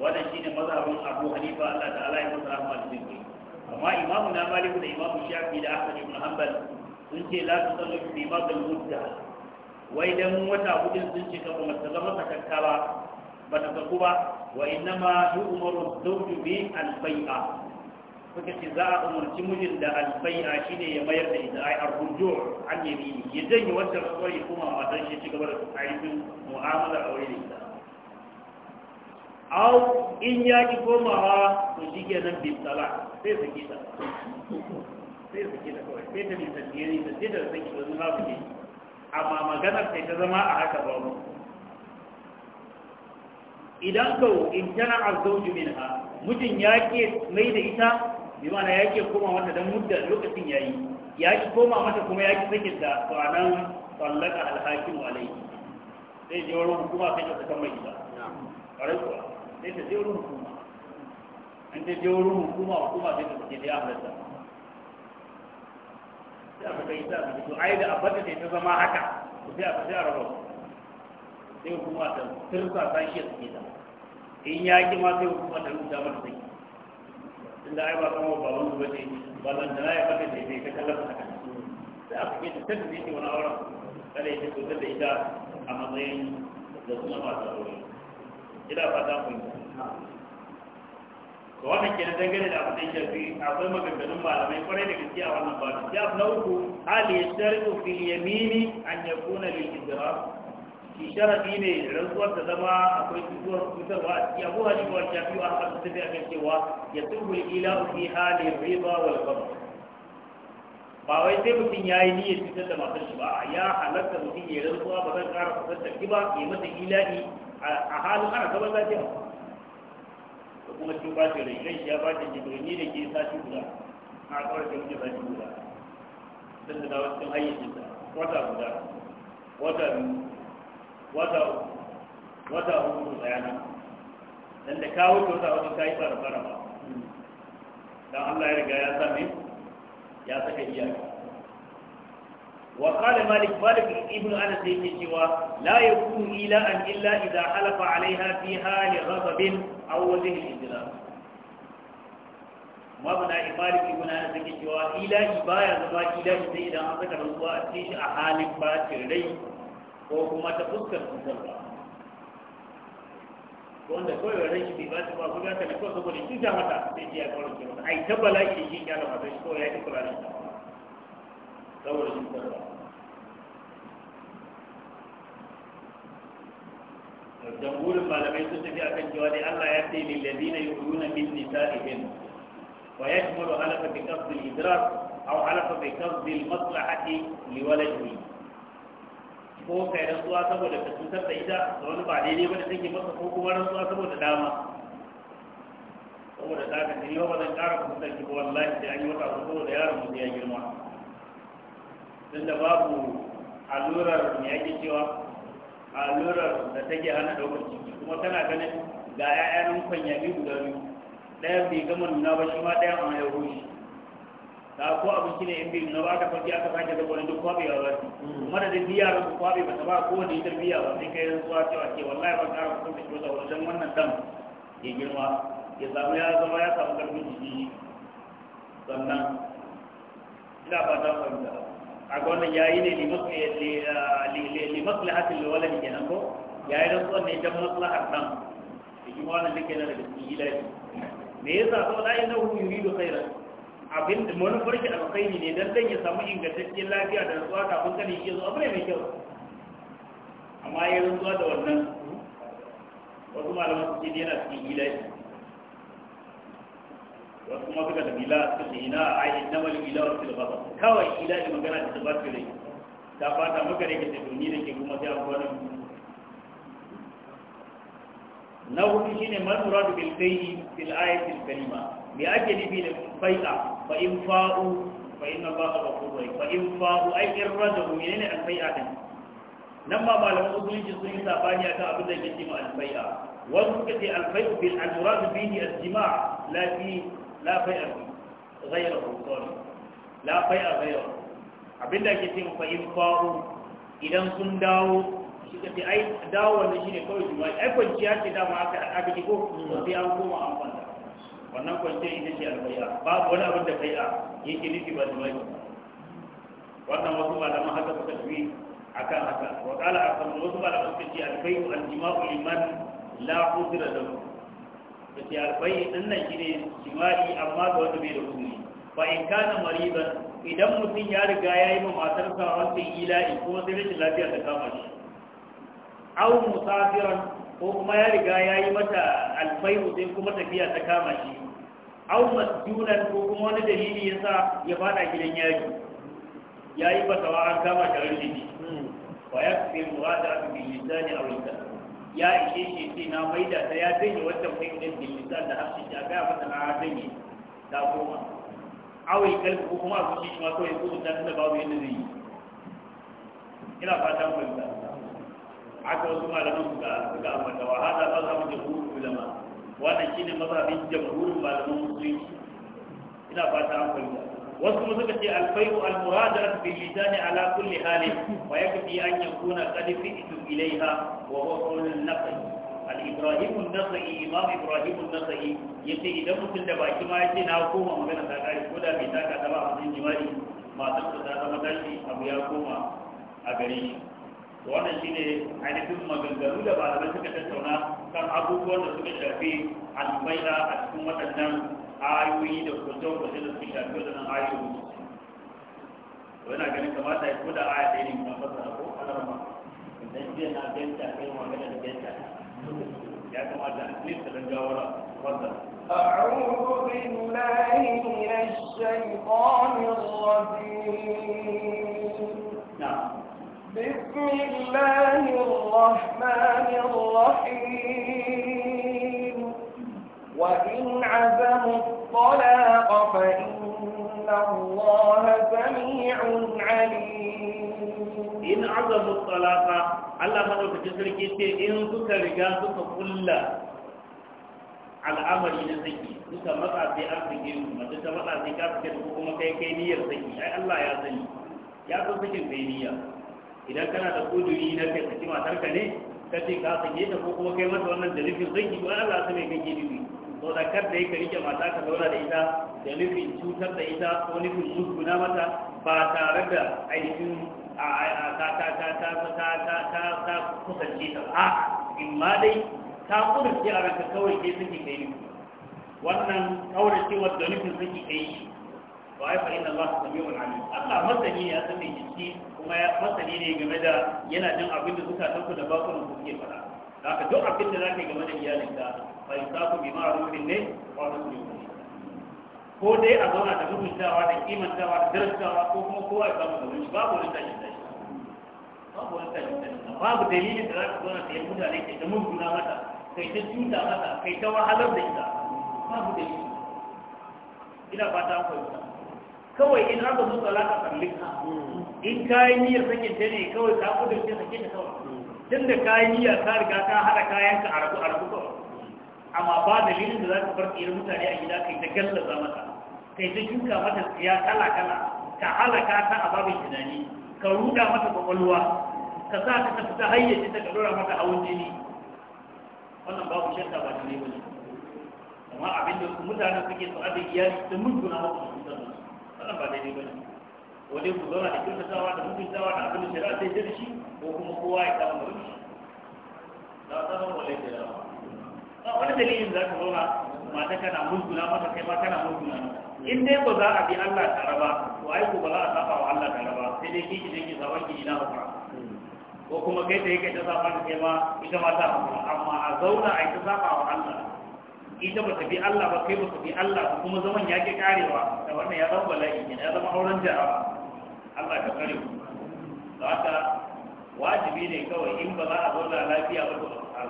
wannan shine mazhabin abu hanifa Allah ta'ala ya masa rahmat dinki amma imamu na Malik, da imamu shafi da ahmad ibn hanbal sun ce la tusallu bi mabdal mudda wai dan wata hudu sun ce kafa mata zama ta ba ba ta saku ba wa inna ma umaru zawju bi al suka ce za a umarci mijin da al shi shine ya mayar da ita ai a ruju an yamini ya janye wata rasuwar ya kuma matan shi ci gaba da mu'amala a wuri da ita aw in ya ki komawa to shi kenan bin tsala sai su ta sai ta kawai sai ta bi tasiri da sai da saki wani babu ne amma maganar sai ta zama a haka ba mu idan kau in tana arzauju ha mutum ya ke mai da ita bi mana ya ke koma mata dan mudda lokacin yayi ya ke koma mata kuma ya ki sakin ta to anan sallaka alhakim alaihi sai je wurin hukuma sai ta saka mai ita kare kuwa sai ta je wurin hukuma an ta je wurin hukuma hukuma sai ta sake da ya halatta sai aka kai sai aka to ai da abada sai ta zama haka sai aka sai a raba sai kuma ta turka san shi suke da in ya ki ma sai kuma ta rubuta mata sai tunda ai ba kuma ba wani bace ba zan da ya fata sai sai ta kallon haka sai aka kai ta ta tada ne wani auren kada ya ta da ita a matsayin da suna ba ta aure ina fata kun to wannan ke dangane da abin da ya shafi akwai maganganun malamai kwarai da gaske a wannan babu ya na uku hali ya shari'u fil yamini an kuna lil idrar shi sharadi ne rantsuwar da zama akwai cutuwar cutarwa a ciki abu hali wa shafi wa aka tafi a kan cewa ya tubu ila fi hali riba wal qadr ba wai sai mutum ya yi niyyar cutar da matar shi ba ya halatta mutum ya rantsuwa ba zan kara kusantar ki ba ya mata ila'i a halin ana gaban lafiya da kuma cin bacin rai rai ya bacin ni da ke sati guda a kawar da wuce sati guda don da dawo cikin hayyacinsa wata guda wata biyu wata uku wata uku da yana dan da kawo kyauta wajen kayi fara fara ba dan Allah ya riga ya same ya saka iyaka وقال مالك مالك ابن أنس يجوا لا يكون إيلاء إلا إذا حلف عليها فيها لغضب أو وجه الإسلام مبنى مالك ابن أنس يجوا إيلاء بايا زبا إيلاء إذا أنسك الرسوة أتيش أحال باتر لي وكما تفكر تسرع wanda kawai wa rashi bai ba su ba guda ta na kawai saboda shi ta mata sai ji ya kawo da ai tabbala shi shi ya da mata shi kawai ya ci kula da shi دورة السبعة جمهور المعلمين تتفي أكن جوالي الله يأتي للذين يؤمنون بالنسائهم ويجمل علف بقصد الإدراك أو علف بقصد المصلحة لولده ko kai rantsuwa saboda ta cutar da ita da wani ba daidai ba da take masa ko kuma rantsuwa saboda dama saboda ta ga ni ba zan ƙara kusantar ki ba wallahi sai an yi wata ko da yaron mu ya girma tunda babu allurar me ake cewa allurar da take hana daukar ciki kuma kana ganin ga 'ya'ya ya kwanya biyu guda biyu ɗaya bai gama nuna ba shi ma ɗaya ma ya rushe ta ko abinci ne in bai nuna ba aka farki aka sake da wani duk kwabewa ba hmm. kuma da duk yara su kwabe ba ta ba kowane ita biya ba sai kai zuwa cewa ke wallahi ban ƙara kusan da shi wata wajen wannan dam ya girma ya samu ya zama ya samu ƙarfin jiki sannan ina fata fahimta kaga wannan yayi ne li ah, maslahatin waladi kenan ko yayi rantsuwan ne dan maslahar dan shi ma wannan dake na daga ilahi me yasa to da yana hu yuridu khairan abin da manufar shi alkhairi ne dan dan ya samu ingantacciyar lafiya da rantsuwa kafin kan yi zo abu ne mai kyau amma ya rantsuwa da wannan wasu malaman su ce yana cikin ilahi wasu kuma suka tafi ila suka ce ina a yi namal ila wasu da baba kawai ila da magana da ta ba su rai ta fata muka rai ka ce domin da ke kuma sai da mutu. na hudu shine man muradu bil bayyi fil ayatil kalima me ake nufi da bai'a fa in fa'u fa inna allaha ghafurur rahim fa in fa'u ay irradu menene al bai'a din nan ma malaman usulunci sun yi sabani akan abin da yake cewa al bai'a wasu suka ce al bai'u bil al muradu bihi al jima' la fi Lafai a zai hukuri la fai a abinda ake ce mu fahim faru idan sun dawo shi ka ce ai dawo wanda shi ne kawai jima'i ai kwanciya ce dama aka aka ji ko sai an koma an kwanta wannan kwanciya ita ce albai'a babu wani abin da kai a yake nufi ba jima'i wannan wasu malaman haka suka tafi akan haka wa qala akan wasu malaman suka ce albai'u aljima'u liman la udra lahu da ke albayi ɗin nan ne jima'i amma ga wanda bai da hukumi ba in kana mariban idan mutum ya riga ya yi ma matarsa wancan ila'i ko sai rashin lafiya ta kama shi au musafiran ko kuma ya riga ya yi mata alfai sai kuma tafiya ta kama shi au masjunan ko kuma wani dalili ya sa ya fada gidan yaji ya yi fatawa an kama shi a rikici hmm. wa ya fi mu'adara bi lisani a wita ya ishe shi ce na maida ta ya janye wata mutum din bilisa da harshe ya gaya mata na janye ta koma awai kalbi ko kuma abu shi ma kawai ko da tunda babu yadda zai yi ina fatan fahimta aka wasu malaman suka suka ambata wa hada ba za mu jamhurul ulama wannan shine mazhabin jamhurin malaman musulunci ina fatan da. wasu kuma suka ce alfayu almuradarat bil lisani ala kulli hali wa yakfi an yakuna qad fi'tu ilayha wa huwa qawlun naqi al ibrahim an-nasai imam ibrahim an-nasai yace idan mutum da baki ma yace na koma magana ta kare. ko da bai taka ta ba a cikin jima'i matan ta zama tashi abu ya koma a gare shi wannan shine ainihin maganganu da ba malamai suka tattauna kan abubuwan da suka shafi albaida a cikin waɗannan ayoyi da hukuncin kwace da suke shafi wadannan ayoyi wani ganin kamata ya koda aya ɗaya ne kuma fasara ko alarma dan jiya na benta kai magana da benta ya kamata a clip da dan gawara fasara أعوذ بالله من الشيطان الرجيم نعم بسم الله الرحمن الرحيم وإن عزموا الطلاق فإن الله سميع عليم إن عزموا الطلاق الله مدعو تجسرك إن سكا رجال سكا كل al'amari na saki duka matsa an sake su mace ta matsa sai ka sake ko kuma kai kai saki ai Allah ya sani ya san sakin kai idan kana da kuduri na ka ne ce ka sake ta ko kuma kai masa wannan da nufin saki to Allah ya sani kai so da kar da yake rike mata ka zauna da ita da nufin cutar da ita ko nufin musguna mata ba tare da ainihin a ta ta ta ta ta ta ta ta kusance ta a in ma dai ta kudurce a ranka kawai ke suke kai nufi wannan kauracewar da nufin suke kai ba ya fa'in ba su sami wani alim Allah masani ne ya san mai jiki kuma ya masani ne game da yana jin abin da suka tanku da bakunan suke faɗa da aka duk abin da za yi game da iyalinka fa yusafu bi ma'rufin ne wa nusbi ko dai a zauna da mutuntawa da kimantawa da darasawa ko kuma kowa ya samu da babu wani tashin tashi babu wani tashin tashi babu dalilin da za ka zauna da yan mutane kai ta munguna mata kai ta cuta mata kai ta wahalar da ita babu dalili ina fata ku kawai in aka zo tsala ka tsallin ka in kayan niyyar sakin ta ne kawai ka kudurce sakin ta kawai tunda da kayan niyya ka riga ka haɗa kayan ka a rabu a rabu ba, amma ba dalilin da za ka farki irin mutane a gida kai ta gallaza mata kai ta shuka mata tsiya kala kala ka halaka ta a babin tunani ka ruda mata kwakwalwa ka sa ta tafi ta hayyace ta ɗora mata hawan jini wannan babu shakka ba ne ba amma abin da mutane suke so abin iyali sun mutuna mata mutum wannan ba daidai ba ne ko dai ku zauna da kirkatawa da mutuntawa da abin da shari'a ta yi shi ko kuma kowa ya kama da shi za a zama wale da yawa A wani dalilin za ka zauna mata kana mulkuna mata kai ma kana mulkuna in dai ba za a bi Allah tare ba to ai ko ba za a saba wa Allah tare ba sai dai kiki ne ke zaban ki ina ba ko kuma kai ta yake ta saba ka kai ma ita ma ta hakura amma a zauna a ita saba wa Allah ita ba ta bi Allah ba kai ba ta bi Allah kuma zaman ya ke karewa da wannan ya zama bala'i ya zama auren jara'a Allah ka kare mu da haka wajibi ne kawai in ba za a zauna lafiya ba ko a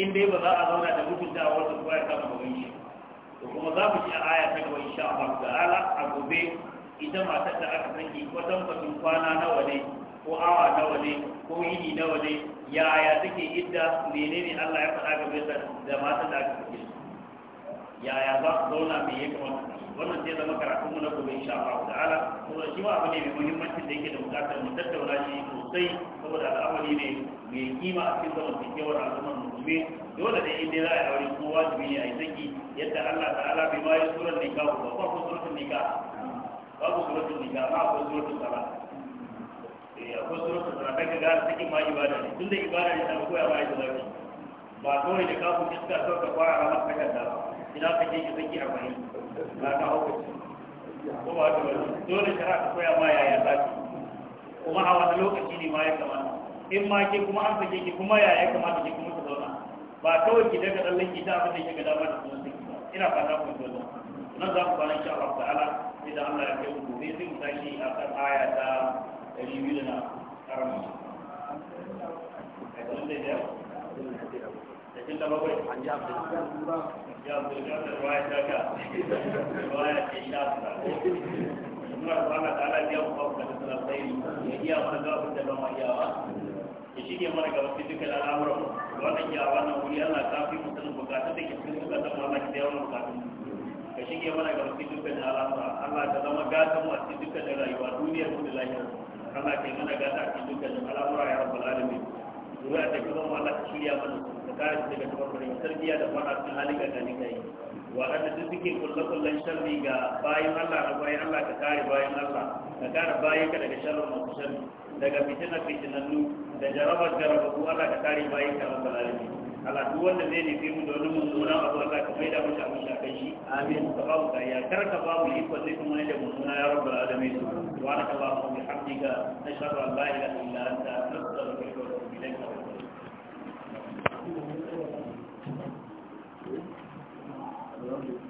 in dai ba za a zauna da mutunta a wata kuwa ya kama gaban shi to kuma za mu ci a aya ta gaba insha Allah ala a gobe ita matar da aka saki kwatan kwatan kwana nawa ne ko awa nawa ne ko yini nawa ne yaya take idda menene Allah ya faɗa game da matan da aka saki yaya za su zauna me ya kamata wannan zai zama karatun mu na gobe insha Allah ta'ala Kuma shi ma abu ne mai muhimmanci da yake da bukatar mu tattauna shi sosai saboda al'amari ne mai kima a cikin zaman cikewar al'ummar musulmi dole da inda za a aure kuma wajibi ne a yi saki yadda Allah ta'ala bai bayar da surar nika ba ko ko suratul nika ba ko suratul nika ba ko suratul sala eh akwai suratul sala kai ga sakin ma ibada ne tunda ibada ne ta koya ma ita zaki ba kawai da kafin iska sau ka fara ramar takarda ba ina kake ki saki bayin? na ka hauka ko ba ta bari dole shara ka koya ma yaya za ki kuma a wani lokaci ne ma ya kamata in ma ke kuma an sake ki kuma yaya kamata ki kuma ku zauna ba kawai ki daga tsallan ki ta abin da ke ga a da kuma sai ina fata ku zo nan za mu kwana insha Allah ta'ala idan Allah ya kai mu gobe sai mu tashi a kan aya ta 200 na karama. inda bakwai an ji abu da ya abu da ya abu da ya shaka ruwa ya ce ina su da ko kuma da kwana da ala biya kuma kuma da suna sai ya iya mana gaba da ba mai yawa ya shi ke mana gaba su duka al'amura wannan yawa na wuri ana kafi mutum bukatun da ke sun duka da kuma na kiyar bukatun ka shi ke mana gaba su duka da al'amura Allah ka zama gata mu a cikin duka da rayuwa duniyar mu da lahiyar Allah ke mana gata a cikin duka da al'amura ya rabu al'alamin kare daga tabarbarin tarbiya da fara sun halin ga gani kai waɗanda duk suke kulle-kullen sharri ga bayan Allah da bayan Allah ka kare bayan Allah ka kare bayan ka daga sharrin masu sharri daga fitinar fitinannu da jarabar ku Allah ka kare bayan ka rabbal alamin Allah duk wanda zai nufi mu da wani mummuna abu Allah ka mai maida mu abin shakan shi amin ka ba mu kariya kar ka ba mu iko zai kuma ne da mummuna ya rabbal alamin ba mu bi bihamdika nashhadu an la ilaha illa anta nastaghfiruka wa natubu ilayk around